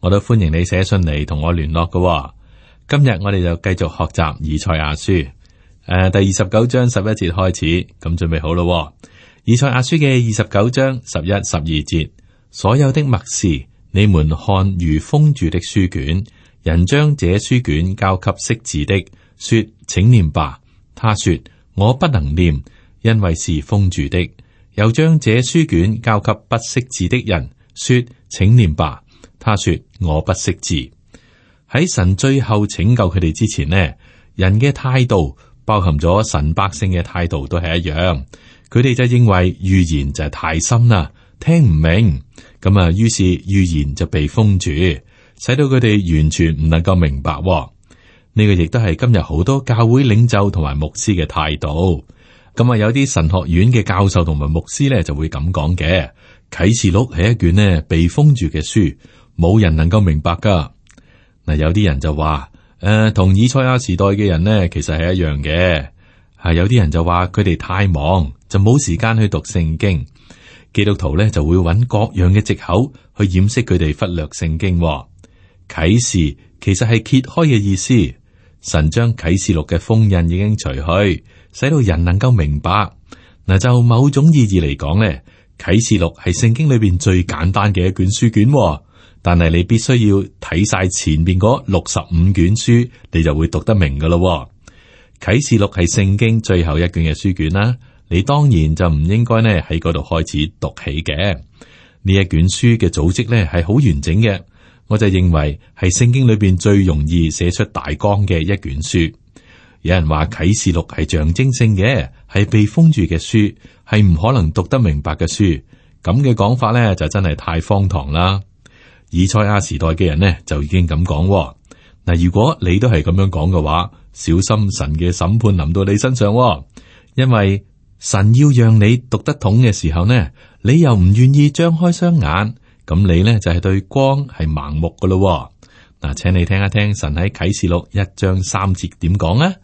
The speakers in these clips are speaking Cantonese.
我都歡迎你寫信嚟同我聯絡嘅、哦。今日我哋就繼續學習《以賽亞書》呃、第二十九章十一節開始咁，準備好咯、哦。《以賽亞書》嘅二十九章十一、十二節，所有的默示你們看如封住的書卷，人將這書卷交給識字的，說請念吧。他說我不能念，因為是封住的。又將這書卷交給不識字的人，說請念吧。他說：我不識字。喺神最後拯救佢哋之前呢，人嘅態度包含咗神百姓嘅態度都係一樣。佢哋就認為預言就係太深啦，聽唔明咁啊。於是預言就被封住，使到佢哋完全唔能夠明白。呢個亦都係今日好多教會領袖同埋牧師嘅態度。咁啊，有啲神學院嘅教授同埋牧師咧就會咁講嘅啟示錄係一卷呢，被封住嘅書。冇人能夠明白噶嗱。有啲人就話誒，同、呃、以賽亞時代嘅人呢，其實係一樣嘅。係有啲人就話佢哋太忙，就冇時間去讀聖經。基督徒呢，就會揾各樣嘅借口去掩飾佢哋忽略聖經。啟示其實係揭開嘅意思，神將啟示錄嘅封印已經除去，使到人能夠明白嗱。就某種意義嚟講呢，啟示錄係聖經裏邊最簡單嘅一卷書卷。但係你必須要睇晒前面嗰六十五卷書，你就會讀得明噶啦。啟示錄係聖經最後一卷嘅書卷啦，你當然就唔應該呢喺嗰度開始讀起嘅。呢一卷書嘅組織呢係好完整嘅。我就認為係聖經裏邊最容易寫出大綱嘅一卷書。有人話啟示錄係象徵性嘅，係被封住嘅書，係唔可能讀得明白嘅書。咁嘅講法呢，就真係太荒唐啦。以賽亞時代嘅人呢就已經咁講嗱。如果你都係咁樣講嘅話，小心神嘅審判臨到你身上。因為神要讓你讀得懂嘅時候呢，你又唔願意張開雙眼，咁你呢就係對光係盲目嘅咯。嗱，請你聽一聽神喺啟示錄一章三節點講啊。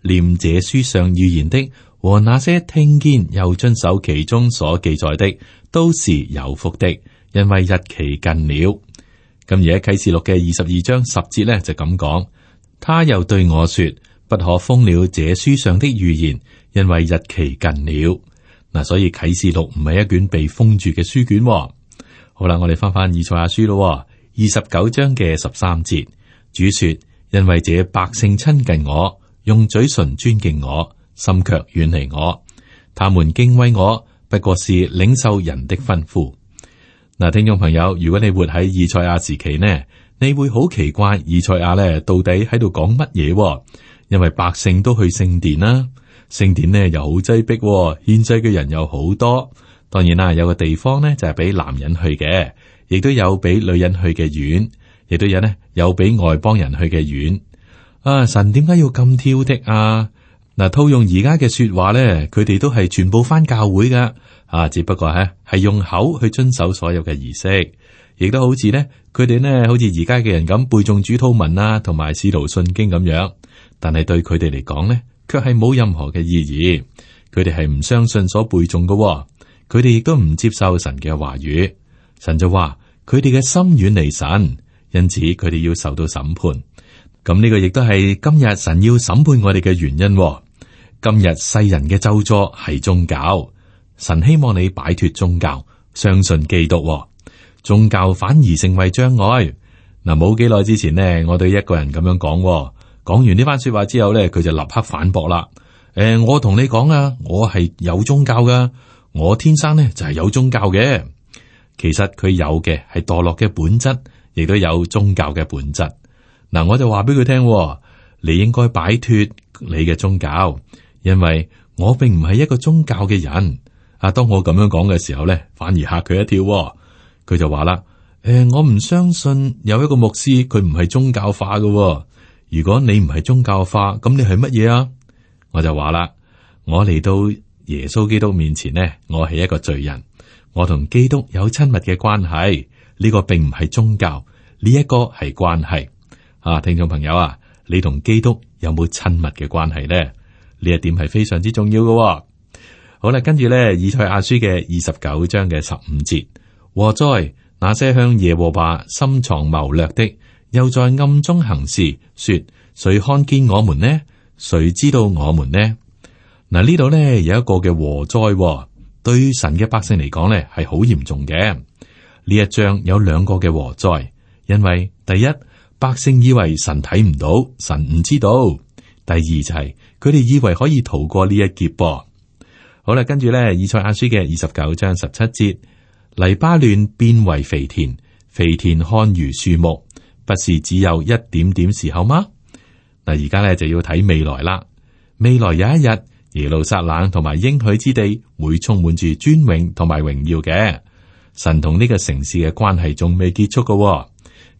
念這書上預言的和那些聽見又遵守其中所記載的，都是有福的，因為日期近了。咁而喺啟示錄嘅二十二章十節咧就咁講，他又對我說：不可封了這書上的預言，因為日期近了。嗱，所以啟示錄唔係一卷被封住嘅書卷哦。好啦，我哋翻翻以賽亞書咯，二十九章嘅十三節，主說：因為這百姓親近我，用嘴唇尊敬我，心卻遠離我，他們敬畏我不過是領受人的吩咐。嗱，聽眾朋友，如果你活喺以賽亞時期呢，你會好奇怪以賽亞咧到底喺度講乜嘢？因為百姓都去聖殿啦、啊，聖殿呢又好擠迫，獻祭嘅人又好多。當然啦、啊，有個地方呢就係、是、俾男人去嘅，亦都有俾女人去嘅院，亦都有呢有俾外邦人去嘅院。啊，神點解要咁挑剔啊？嗱，套用而家嘅說話咧，佢哋都係全部翻教會噶，啊，只不過咧係用口去遵守所有嘅儀式，亦都好似咧佢哋呢好似而家嘅人咁背誦主禱文啊，同埋使徒信經咁樣，但係對佢哋嚟講呢卻係冇任何嘅意義，佢哋係唔相信所背誦噶，佢哋亦都唔接受神嘅話語，神就話佢哋嘅心遠離神，因此佢哋要受到審判。咁呢個亦都係今日神要審判我哋嘅原因。今日世人嘅咒詛係宗教，神希望你擺脫宗教，相信基督，哦。宗教反而成為障礙。嗱，冇幾耐之前咧，我對一個人咁樣講，講完呢番說話之後咧，佢就立刻反駁啦。誒，我同你講啊，我係有宗教噶，我天生咧就係有宗教嘅。其實佢有嘅係墮落嘅本質，亦都有宗教嘅本質。嗱，我就話俾佢聽，你應該擺脫你嘅宗教。因為我並唔係一個宗教嘅人啊，當我咁樣講嘅時候咧，反而吓佢一跳喎。佢就話啦：誒，我唔相信有一個牧師佢唔係宗教化嘅喎。如果你唔係宗教化，咁你係乜嘢啊？我就話啦，我嚟到耶穌基督面前呢，我係一個罪人。我同基督有親密嘅關係，呢個並唔係宗教，呢一個係關係啊。聽眾朋友啊，你同基督有冇親密嘅關係咧？呢一點係非常之重要嘅，哦。好啦，跟住呢，以賽亞書嘅二十九章嘅十五節，禍災，那些向耶和華深藏謀略的，又在暗中行事，說：誰看見我們呢？誰知道我們呢？嗱，呢度呢有一個嘅禍災，對神嘅百姓嚟講呢係好嚴重嘅。呢一章有兩個嘅禍災，因為第一百姓以為神睇唔到，神唔知道；第二就係，是。佢哋以為可以逃過呢一劫噃？好啦，跟住咧，以賽亞書嘅二十九章十七節，黎巴嫩變為肥田，肥田看如樹木，不是只有一點點時候嗎？嗱，而家咧就要睇未來啦。未來有一日，耶路撒冷同埋應許之地會充滿住尊榮同埋榮耀嘅。神同呢個城市嘅關係仲未結束㗎喎。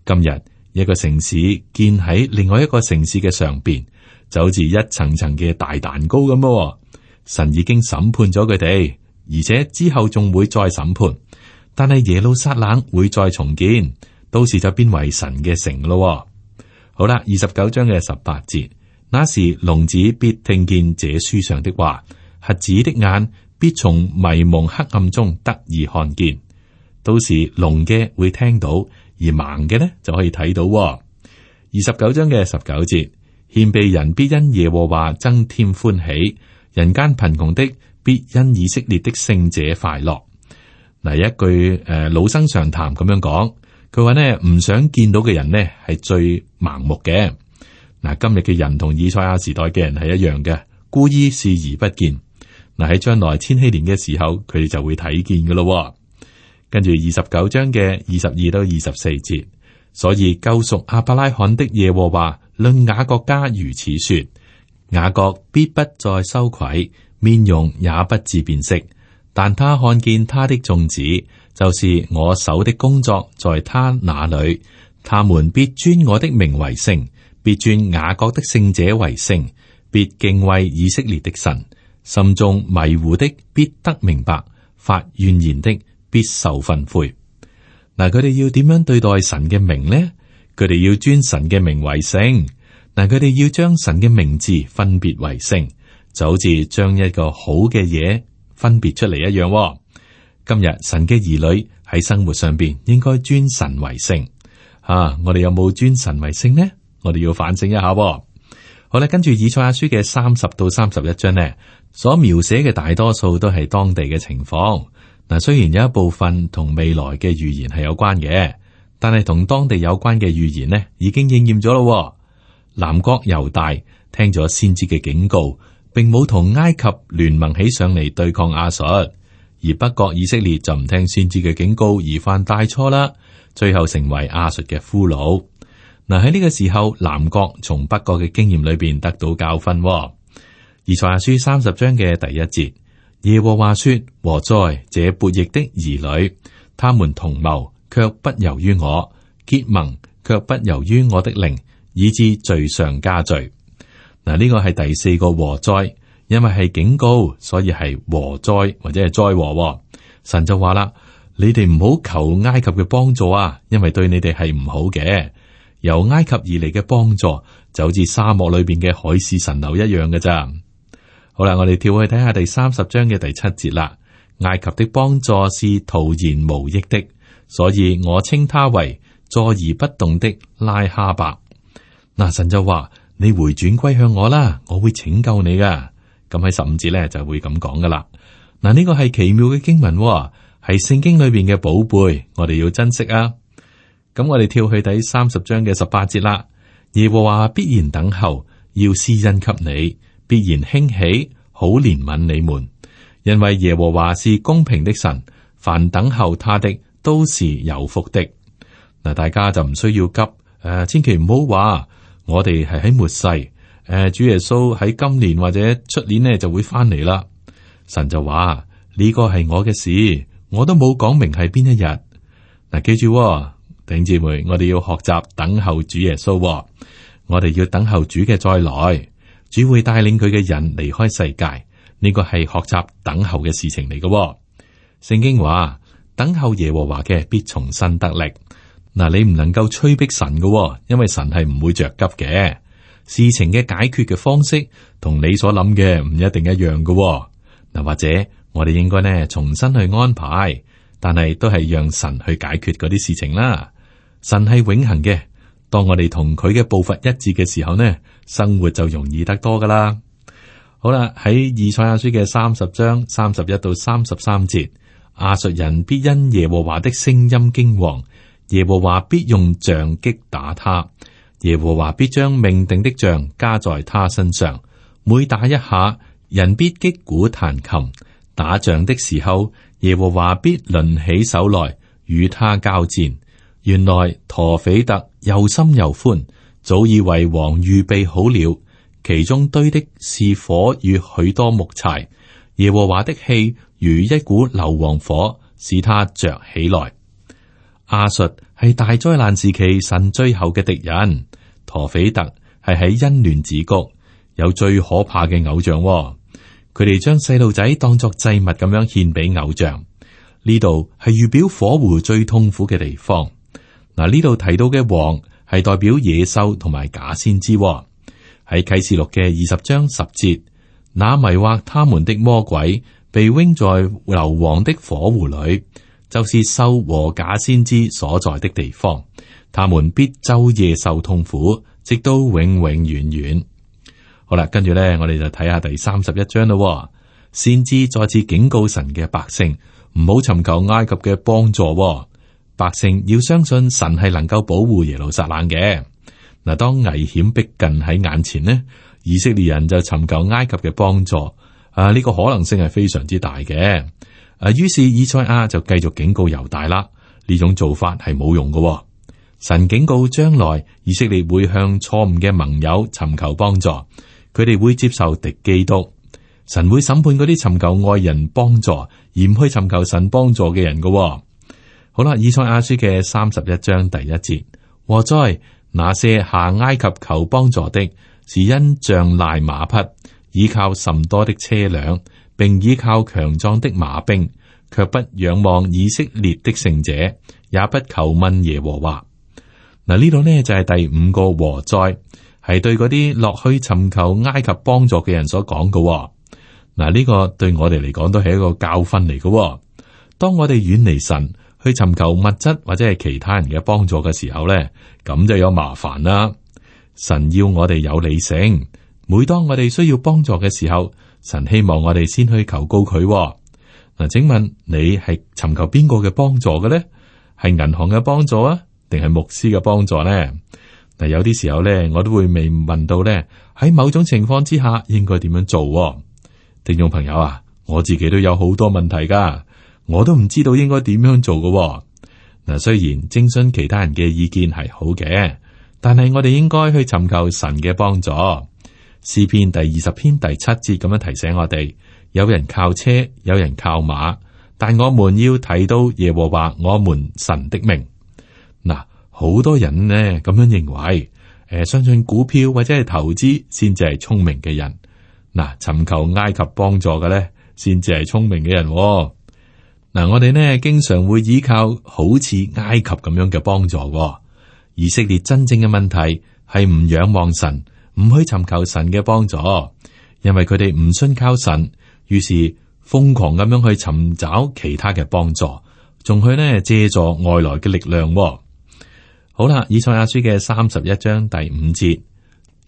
今日一個城市建喺另外一個城市嘅上面。就好似一層層嘅大蛋糕咁啊、哦！神已經審判咗佢哋，而且之後仲會再審判。但係耶路撒冷會再重建，到時就變為神嘅城咯、哦。好啦，二十九章嘅十八節，那時聾子必聽見這書上的話，瞎子的眼必從迷蒙黑暗中得以看見。到時聾嘅會聽到，而盲嘅呢就可以睇到、哦。二十九章嘅十九節。獻卑人必因耶和華增添歡喜，人間貧窮的必因以色列的聖者快樂。嗱，一句誒、呃、老生常談咁樣講，佢話呢：「唔想見到嘅人呢係最盲目嘅。嗱，今日嘅人同以賽亞時代嘅人係一樣嘅，故意視而不見。嗱，喺將來千禧年嘅時候，佢哋就會睇見噶啦。跟住二十九章嘅二十二到二十四節，所以救贖亞伯拉罕的耶和華。論雅各家如此說，雅各必不再羞愧，面容也不自辨識。但他看見他的眾子，就是我手的工作，在他那裏，他們必尊我的名為聖，必尊雅各的聖者為聖，必敬畏以色列的神。心中迷糊的必得明白，發怨言的必受訓誨。嗱，佢哋要點樣對待神嘅名呢？佢哋要尊神嘅名為聖，但佢哋要將神嘅名字分別為聖，就好似將一個好嘅嘢分別出嚟一樣。今日神嘅兒女喺生活上邊應該尊神為聖啊！我哋有冇尊神為聖呢？我哋要反省一下。好啦，跟住以賽亞書嘅三十到三十一章呢，所描寫嘅大多數都係當地嘅情況，嗱，雖然有一部分同未來嘅預言係有關嘅。但係同當地有關嘅預言呢，已經應驗咗咯。南國猶大聽咗先知嘅警告，並冇同埃及聯盟起上嚟對抗亞述，而北國以色列就唔聽先知嘅警告而犯大錯啦，最後成為亞述嘅俘虜。嗱喺呢個時候，南國從北國嘅經驗裏邊得到教訓。而賽亞書三十章嘅第一節，耶和華說：禍哉，這悖逆的兒女，他們同謀。卻不由於我，結盟卻不由於我的靈，以致罪上加罪。嗱，呢個係第四個禍災，因為係警告，所以係禍災或者係災禍。神就話啦：你哋唔好求埃及嘅幫助啊，因為對你哋係唔好嘅。由埃及而嚟嘅幫助就好似沙漠裏邊嘅海市蜃樓一樣㗎咋。好啦，我哋跳去睇下第三十章嘅第七節啦。埃及的幫助是徒然無益的。所以我稱他為「坐而不動的拉哈伯」。那神就話：你回轉歸向我啦，我會拯救你噶。咁喺十五節咧就會咁講噶啦。嗱，呢個係奇妙嘅經文，係聖經裏邊嘅寶貝，我哋要珍惜啊。咁我哋跳去第三十章嘅十八節啦。耶和華必然等候，要施恩給你；必然興起，好憐憫你們，因為耶和華是公平的神，凡等候他的，都是有福的，嗱，大家就唔需要急，誒、啊，千祈唔好話我哋係喺末世，誒、啊，主耶穌喺今年或者出年咧就會返嚟啦。神就話呢個係我嘅事，我都冇講明係邊一日。嗱、啊，記住、哦，弟兄姐妹，我哋要學習等候主耶穌、哦，我哋要等候主嘅再來，主會帶領佢嘅人離開世界，呢個係學習等候嘅事情嚟嘅、哦。聖經話。等候耶和華嘅必重新得力。嗱，你唔能夠催逼神嘅、哦，因為神係唔會着急嘅。事情嘅解決嘅方式同你所諗嘅唔一定一樣嘅、哦。嗱，或者我哋應該呢重新去安排，但係都係讓神去解決嗰啲事情啦。神係永恆嘅，當我哋同佢嘅步伐一致嘅時候呢，生活就容易得多噶啦。好啦，喺以賽亞書嘅三十章三十一到三十三節。亞述人必因耶和華的聲音驚惶，耶和華必用杖擊打他，耶和華必將命定的杖加在他身上。每打一下，人必擊鼓彈琴。打仗的時候，耶和華必掄起手來與他交戰。原來陀斐特又深又寬，早已為王預備好了，其中堆的是火與許多木柴。耶和華的氣。如一股硫磺火，使他着起來。阿術係大災難時期神最後嘅敵人。陀斐特係喺恩聯子谷有最可怕嘅偶像，哦。佢哋將細路仔當作祭物咁樣獻俾偶像。呢度係預表火湖最痛苦嘅地方。嗱，呢度提到嘅王係代表野獸同埋假先知喺、哦、啟示錄嘅二十章十節，那迷惑他們的魔鬼。被扔在硫磺的火湖裏，就是獸和假先知所在的地方。他們必晝夜受痛苦，直到永永遠遠。好啦，跟住咧，我哋就睇下第三十一章咯。哦。先知再次警告神嘅百姓，唔好尋求埃及嘅幫助。哦。百姓要相信神係能夠保護耶路撒冷嘅。嗱，當危險逼近喺眼前呢，以色列人就尋求埃及嘅幫助。啊！呢、這個可能性係非常之大嘅。啊，於是以賽亞就繼續警告猶大啦，呢種做法係冇用嘅、哦。神警告將來以色列會向錯誤嘅盟友尋求幫助，佢哋會接受敵基督，神會審判嗰啲尋求外人幫助而唔去尋求神幫助嘅人嘅、哦。好啦，以賽亞書嘅三十一章第一節：禍哉，那些下埃及求幫助的，是因仗賴馬匹。倚靠甚多的車輛，並倚靠強壯的馬兵，卻不仰望以色列的聖者，也不求問耶和華。嗱、啊，呢度呢，就係、是、第五個禍災，係對嗰啲落去尋求埃及幫助嘅人所講嘅、哦。嗱、啊，呢、這個對我哋嚟講都係一個教訓嚟嘅。當我哋遠離神去尋求物質或者係其他人嘅幫助嘅時候呢，咁就有麻煩啦。神要我哋有理性。每當我哋需要幫助嘅時候，神希望我哋先去求告佢嗱、哦。請問你係尋求邊個嘅幫助嘅呢？係銀行嘅幫助啊，定係牧師嘅幫助呢？嗱，有啲時候咧，我都會未問到咧。喺某種情況之下，應該點樣做、哦？聽眾朋友啊，我自己都有好多問題噶，我都唔知道應該點樣做嘅嗱、哦。雖然徵詢其他人嘅意見係好嘅，但係我哋應該去尋求神嘅幫助。詩篇第二十篇第七節咁樣提醒我哋：有人靠車，有人靠馬，但我們要睇到耶和華我們神的名。嗱，好多人呢咁樣認為，誒、呃，相信股票或者係投資先至係聰明嘅人。嗱，尋求埃及幫助嘅咧，先至係聰明嘅人、哦。嗱，我哋呢經常會依靠好似埃及咁樣嘅幫助、哦。以色列真正嘅問題係唔仰望神。唔去尋求神嘅幫助，因為佢哋唔信靠神，於是瘋狂咁樣去尋找其他嘅幫助，仲去呢借助外來嘅力量，哦。好啦，《以賽亞書》嘅三十一章第五節，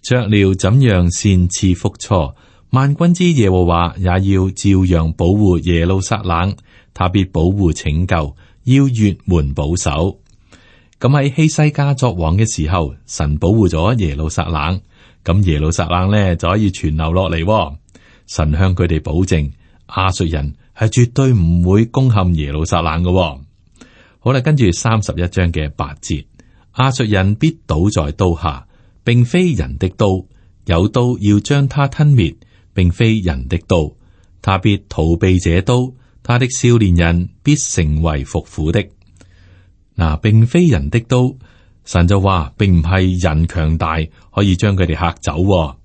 雀鳥怎樣搧翅覆雛，萬軍之耶和華也要照樣保護耶路撒冷，他必保護拯救，要越門保守。咁喺希西家作王嘅時候，神保護咗耶路撒冷。咁耶路撒冷咧就可以存留落嚟，神向佢哋保證，亞述人係絕對唔會攻陷耶路撒冷嘅。好啦，跟住三十一章嘅八節，亞述人必倒在刀下，並非人的刀，有刀要將他吞滅，並非人的刀，他必逃避這刀，他的少年人必成為服苦的。嗱、啊，並非人的刀。神就話，並唔係人強大可以將佢哋嚇走，哦，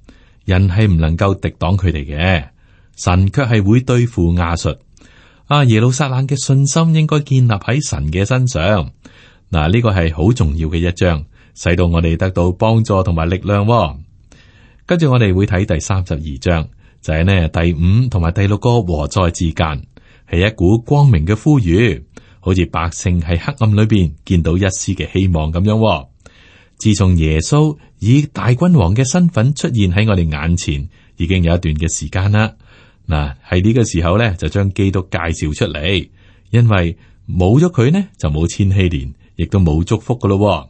人係唔能夠敵擋佢哋嘅。神卻係會對付亞述。啊，耶路撒冷嘅信心應該建立喺神嘅身上。嗱、啊，呢個係好重要嘅一章，使到我哋得到幫助同埋力量，哦。跟住我哋會睇第三十二章，就係、是、呢第五同埋第六個禍哉之間，係一股光明嘅呼籲。好似百姓喺黑暗裏邊見到一絲嘅希望咁樣、哦。自從耶穌以大君王嘅身份出現喺我哋眼前，已經有一段嘅時間啦。嗱，喺呢個時候咧，就將基督介紹出嚟，因為冇咗佢呢，就冇千禧年，亦都冇祝福噶咯、哦。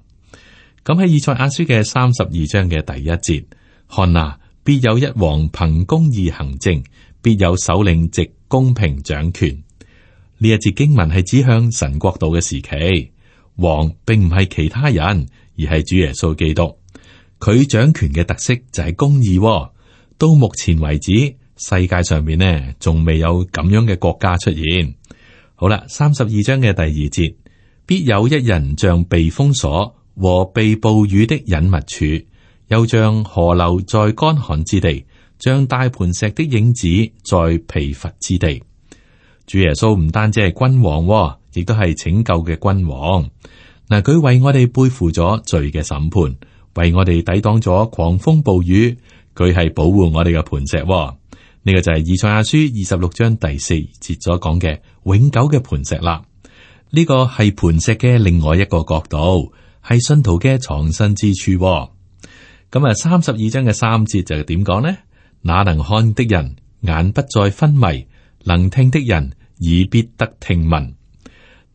咁喺以賽亞書嘅三十二章嘅第一節，看哪，必有一王憑公義行政，必有首領藉公平掌權。呢一節經文係指向神國度嘅時期，王並唔係其他人，而係主耶穌基督。佢掌權嘅特色就係公義。到目前為止，世界上面呢仲未有咁樣嘅國家出現。好啦，三十二章嘅第二節，必有一人像避風所和避暴雨的隱密處，又像河流在乾旱之地，像大磐石的影子在疲乏之地。主耶穌唔單止係君、哦、君王，亦都係拯救嘅君王。嗱，佢為我哋背負咗罪嘅審判，為我哋抵擋咗狂風暴雨。佢係保護我哋嘅磐石、哦。呢、這個就係以賽亞書二十六章第四節所講嘅永久嘅磐石啦。呢、這個係磐石嘅另外一個角度，係信徒嘅藏身之處、哦。咁啊，三十二章嘅三節就係點講呢？哪能看的人，眼不再昏迷，能聽的人以必得聽聞。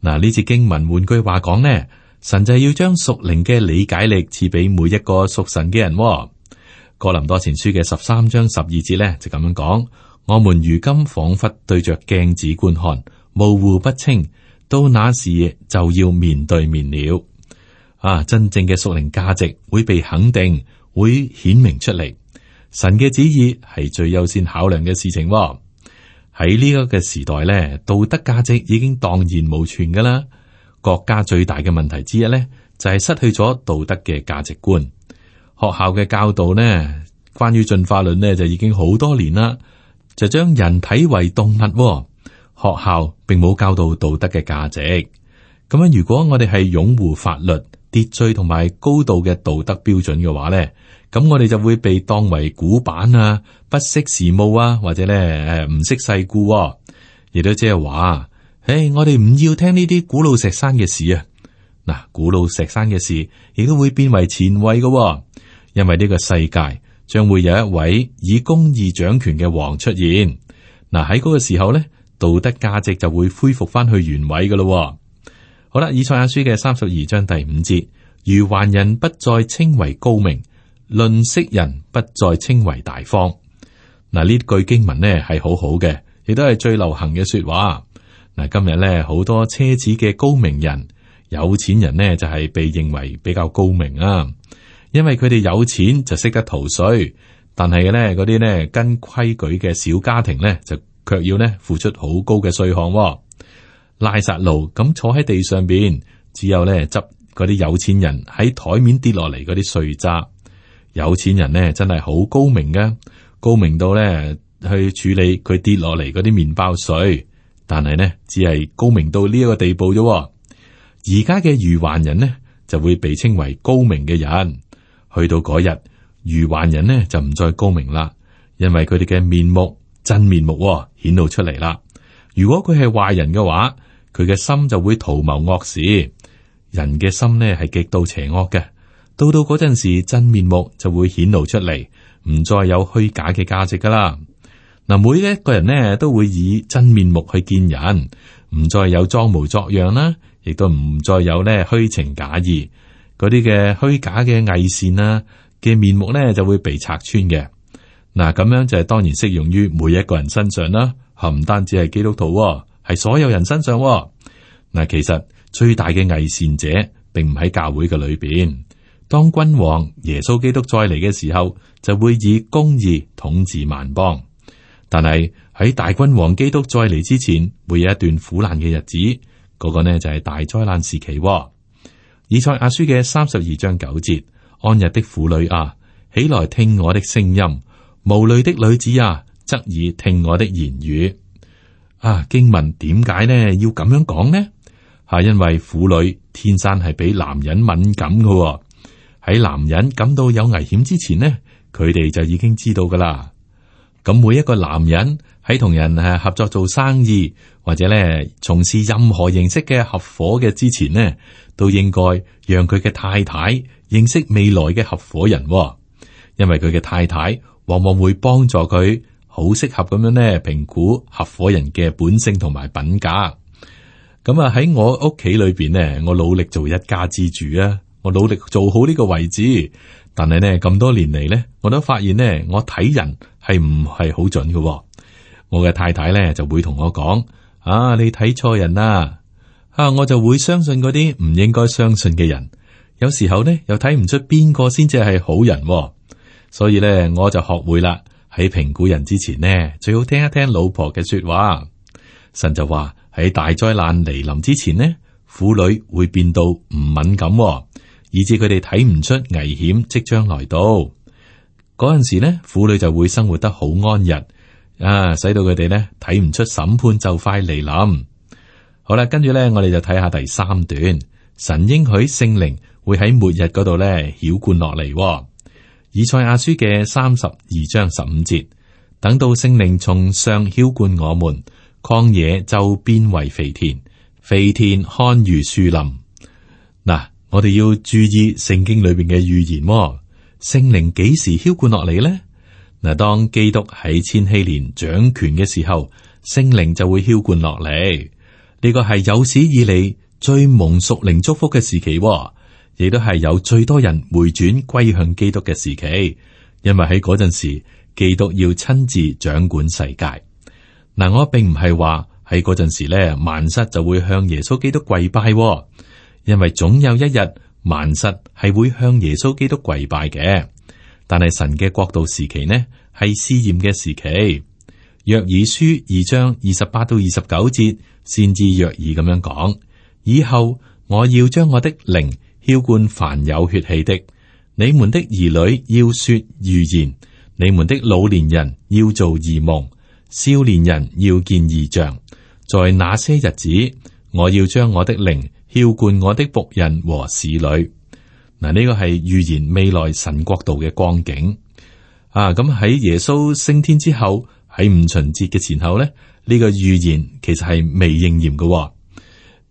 嗱呢次經文換句話講呢，神就係要將屬靈嘅理解力賜俾每一個屬神嘅人。哥林多前書嘅十三章十二節呢就咁樣講：，我們如今仿佛對着鏡子觀看，模糊不清；到那時就要面對面了。啊，真正嘅屬靈價值會被肯定，會顯明出嚟。神嘅旨意係最優先考量嘅事情。喺呢個嘅時代咧，道德價值已經蕩然無存噶啦。國家最大嘅問題之一咧，就係失去咗道德嘅價值觀。學校嘅教導呢，關於進化論呢，就已經好多年啦，就將人體為動物。學校並冇教導道德嘅價值。咁樣如果我哋係擁護法律，秩序同埋高度嘅道德標準嘅話咧，咁我哋就會被當為古板啊，不識時務啊，或者咧誒唔識世故啊。亦都即係話，誒我哋唔要聽呢啲古老石山嘅事啊。嗱，古老石山嘅事亦都會變為前衛嘅喎，因為呢個世界將會有一位以公義掌權嘅王出現。嗱，喺嗰個時候咧，道德價值就會恢復翻去原位㗎咯。好啦，以賽亞書嘅三十二章第五節，愚頑人不再稱為高明，吝嗇人不再稱為大方。嗱呢句經文呢係好好嘅，亦都係最流行嘅說話。嗱今日呢，好多奢侈嘅高明人、有錢人呢就係被認為比較高明啊，因為佢哋有錢就識得逃稅，但係呢，嗰啲呢跟規矩嘅小家庭呢，就卻要呢付出好高嘅稅項。拉撒路咁坐喺地上邊，只有咧執嗰啲有錢人喺台面跌落嚟嗰啲碎渣。有錢人咧真係好高明嘅，高明到咧去處理佢跌落嚟嗰啲麵包碎。但係呢只係高明到呢一個地步啫。而家嘅愚頑人呢就會被稱為高明嘅人。去到嗰日，愚頑人呢就唔再高明啦，因為佢哋嘅面目真面目、哦、顯露出嚟啦。如果佢係壞人嘅話，佢嘅心就會圖謀惡事，人嘅心呢係極度邪惡嘅。到到嗰陣時，真面目就會顯露出嚟，唔再有虛假嘅價值噶啦。嗱，每一個人呢都會以真面目去見人，唔再有裝模作樣啦，亦都唔再有呢虛情假意嗰啲嘅虛假嘅偽善啦、啊、嘅面目呢就會被拆穿嘅。嗱、啊，咁樣就係當然適用於每一個人身上啦，唔單止係基督徒、哦。喺所有人身上嗱、哦，其實最大嘅偽善者並唔喺教會嘅裏邊。當君王耶穌基督再嚟嘅時候，就會以公義統治萬邦。但係喺大君王基督再嚟之前，會有一段苦難嘅日子。嗰、那個呢就係、是、大災難時期、哦。以賽亞書嘅三十二章九節：安逸的婦女啊，起來聽我的聲音；無淚的女子啊，則以聽我的言語。啊！經文點解呢？要咁樣講呢？係因為婦女天生係比男人敏感噶喎、哦。喺男人感到有危險之前呢，佢哋就已經知道噶啦。咁、啊、每一個男人喺同人啊合作做生意或者呢從事任何形式嘅合夥嘅之前呢，都應該讓佢嘅太太認識未來嘅合夥人、哦，因為佢嘅太太往往會幫助佢。好適合咁樣呢，評估合伙人嘅本性同埋品格。咁啊喺我屋企裏邊呢，我努力做一家之主啊，我努力做好呢個位置。但係呢，咁多年嚟呢，我都發現呢，我睇人係唔係好準嘅。我嘅太太呢就會同我講：啊，你睇錯人啦！啊，我就會相信嗰啲唔應該相信嘅人。有時候呢，又睇唔出邊個先至係好人。所以呢，我就學會啦。喺評估人之前呢，最好聽一聽老婆嘅說話。神就話喺大災難嚟臨之前呢，婦女會變到唔敏感、哦，以至佢哋睇唔出危險即將來到。嗰陣時呢，婦女就會生活得好安逸，啊，使到佢哋呢睇唔出審判就快嚟臨。好啦，跟住呢，我哋就睇下第三段，神應許聖靈會喺末日嗰度呢澆灌落嚟、哦。以賽亞書嘅三十二章十五節，等到聖靈從上澆灌我們，曠野就變為肥田，肥田看如樹林。嗱、啊，我哋要注意聖經裏邊嘅預言喎、哦。聖靈幾時澆灌落嚟呢？嗱、啊，當基督喺千禧年掌權嘅時候，聖靈就會澆灌落嚟。呢、這個係有史以嚟最蒙屬靈祝福嘅時期、哦。亦都係有最多人回轉歸向基督嘅時期，因為喺嗰陣時基督要親自掌管世界。嗱，我並唔係話喺嗰陣時咧，萬實就會向耶穌基督跪拜，因為總有一日萬實係會向耶穌基督跪拜嘅。但係神嘅國度時期呢，係試驗嘅時期。約珥書二章二十八到二十九節，先知「約珥」咁樣講：以後我要將我的靈。澆灌凡有血氣的，你們的兒女要說預言，你們的老年人要做異夢，少年人要見異象。在那些日子，我要將我的靈澆灌我的僕人和使女。嗱，呢個係預言未來神國度嘅光景啊！咁喺耶穌升天之後，喺五旬節嘅前後呢，呢、這個預言其實係未應驗嘅、哦。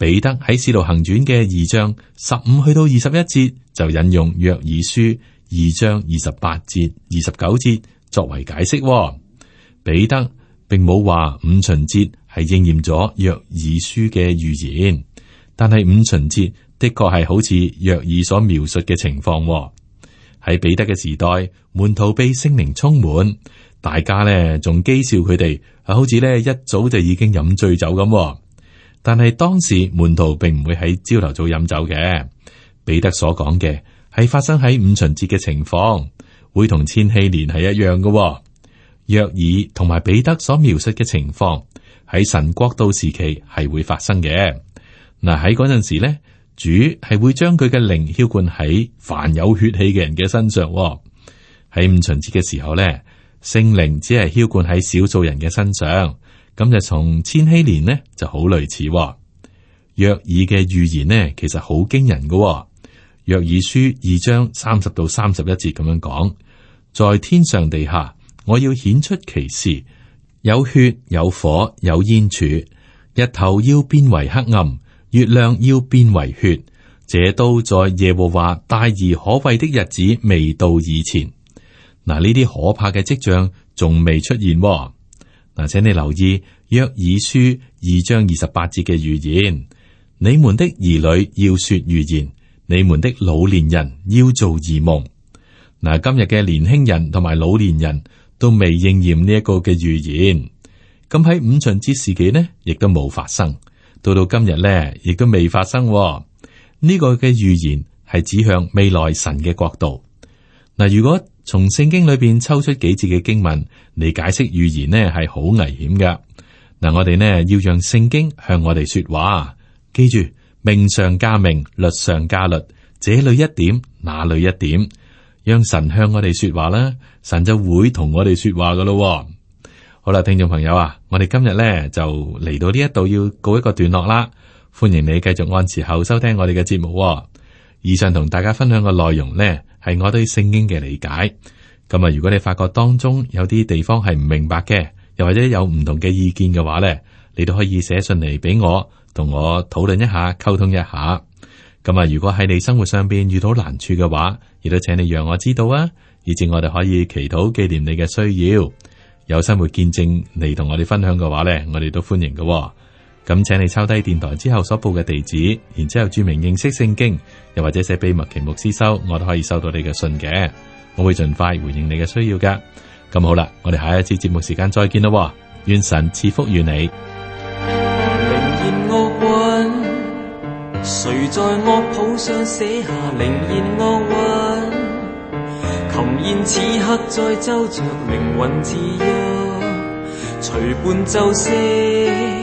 彼得喺《使徒行傳》嘅二章十五去到二十一節，就引用《約珥書》二章二十八節、二十九節作為解釋。彼得並冇話五旬節係應驗咗《約珥書》嘅預言，但係五旬節的確係好似約珥所描述嘅情況。喺彼得嘅時代，門徒被聖靈充滿，大家呢仲譏笑佢哋，好似呢一早就已經飲醉酒咁。但係當時門徒並唔會喺朝頭早飲酒嘅。彼得所講嘅係發生喺五旬節嘅情況，會同千禧年係一樣嘅、哦。約珥同埋彼得所描述嘅情況喺神國度時期係會發生嘅。嗱，喺嗰陣時咧，主係會將佢嘅靈澆灌喺凡有血氣嘅人嘅身上、哦、身上。喺五旬節嘅時候咧，聖靈只係澆灌喺少數人嘅身上。咁就從千禧年呢就好類似、哦，約珥嘅預言呢，其實好驚人嘅、哦。約珥書二章三十到三十一節咁樣講，在天上地下，我要顯出奇事，有血有火有煙柱，日頭要變為黑暗，月亮要變為血，這都在耶和華大而可畏的日子未到以前。嗱，呢啲可怕嘅跡象仲未出現、哦。嗱，請你留意《約珥書》二章二十八節嘅預言：你們的兒女要說預言，你們的老年人要做異夢。嗱，今日嘅年輕人同埋老年人都未應驗呢一個嘅預言。咁喺五旬之時期呢，亦都冇發生。到到今日呢，亦都未發生。呢個嘅預言係指向未來神嘅國度。嗱，如果從聖經裏邊抽出幾字嘅經文嚟解釋預言呢係好危險噶。嗱，我哋呢要讓聖經向我哋說話，記住命上加命，律上加律，這裏一點，那裏一點，讓神向我哋說話啦，神就會同我哋說話噶咯。好啦，聽眾朋友啊，我哋今日呢就嚟到呢一度要告一個段落啦。歡迎你繼續按時候收聽我哋嘅節目喎。以上同大家分享嘅內容呢。係我對聖經嘅理解，咁啊，如果你發覺當中有啲地方係唔明白嘅，又或者有唔同嘅意見嘅話咧，你都可以寫信嚟俾我，同我討論一下，溝通一下。咁啊，如果喺你生活上邊遇到難處嘅話，亦都請你讓我知道啊，以至我哋可以祈禱紀念你嘅需要。有生活見證嚟同我哋分享嘅話咧，我哋都歡迎嘅、哦。咁請你抄低電台之後所報嘅地址，然之後注明認識聖經，又或者寫俾麥其牧師收，我都可以收到你嘅信嘅，我會盡快回應你嘅需要噶。咁好啦，我哋下一次節目時間再見啦，願神賜福於你。靈言樂韻，誰在樂譜上寫下靈言樂韻？琴弦此刻在奏唱，靈魂自由，隨伴奏聲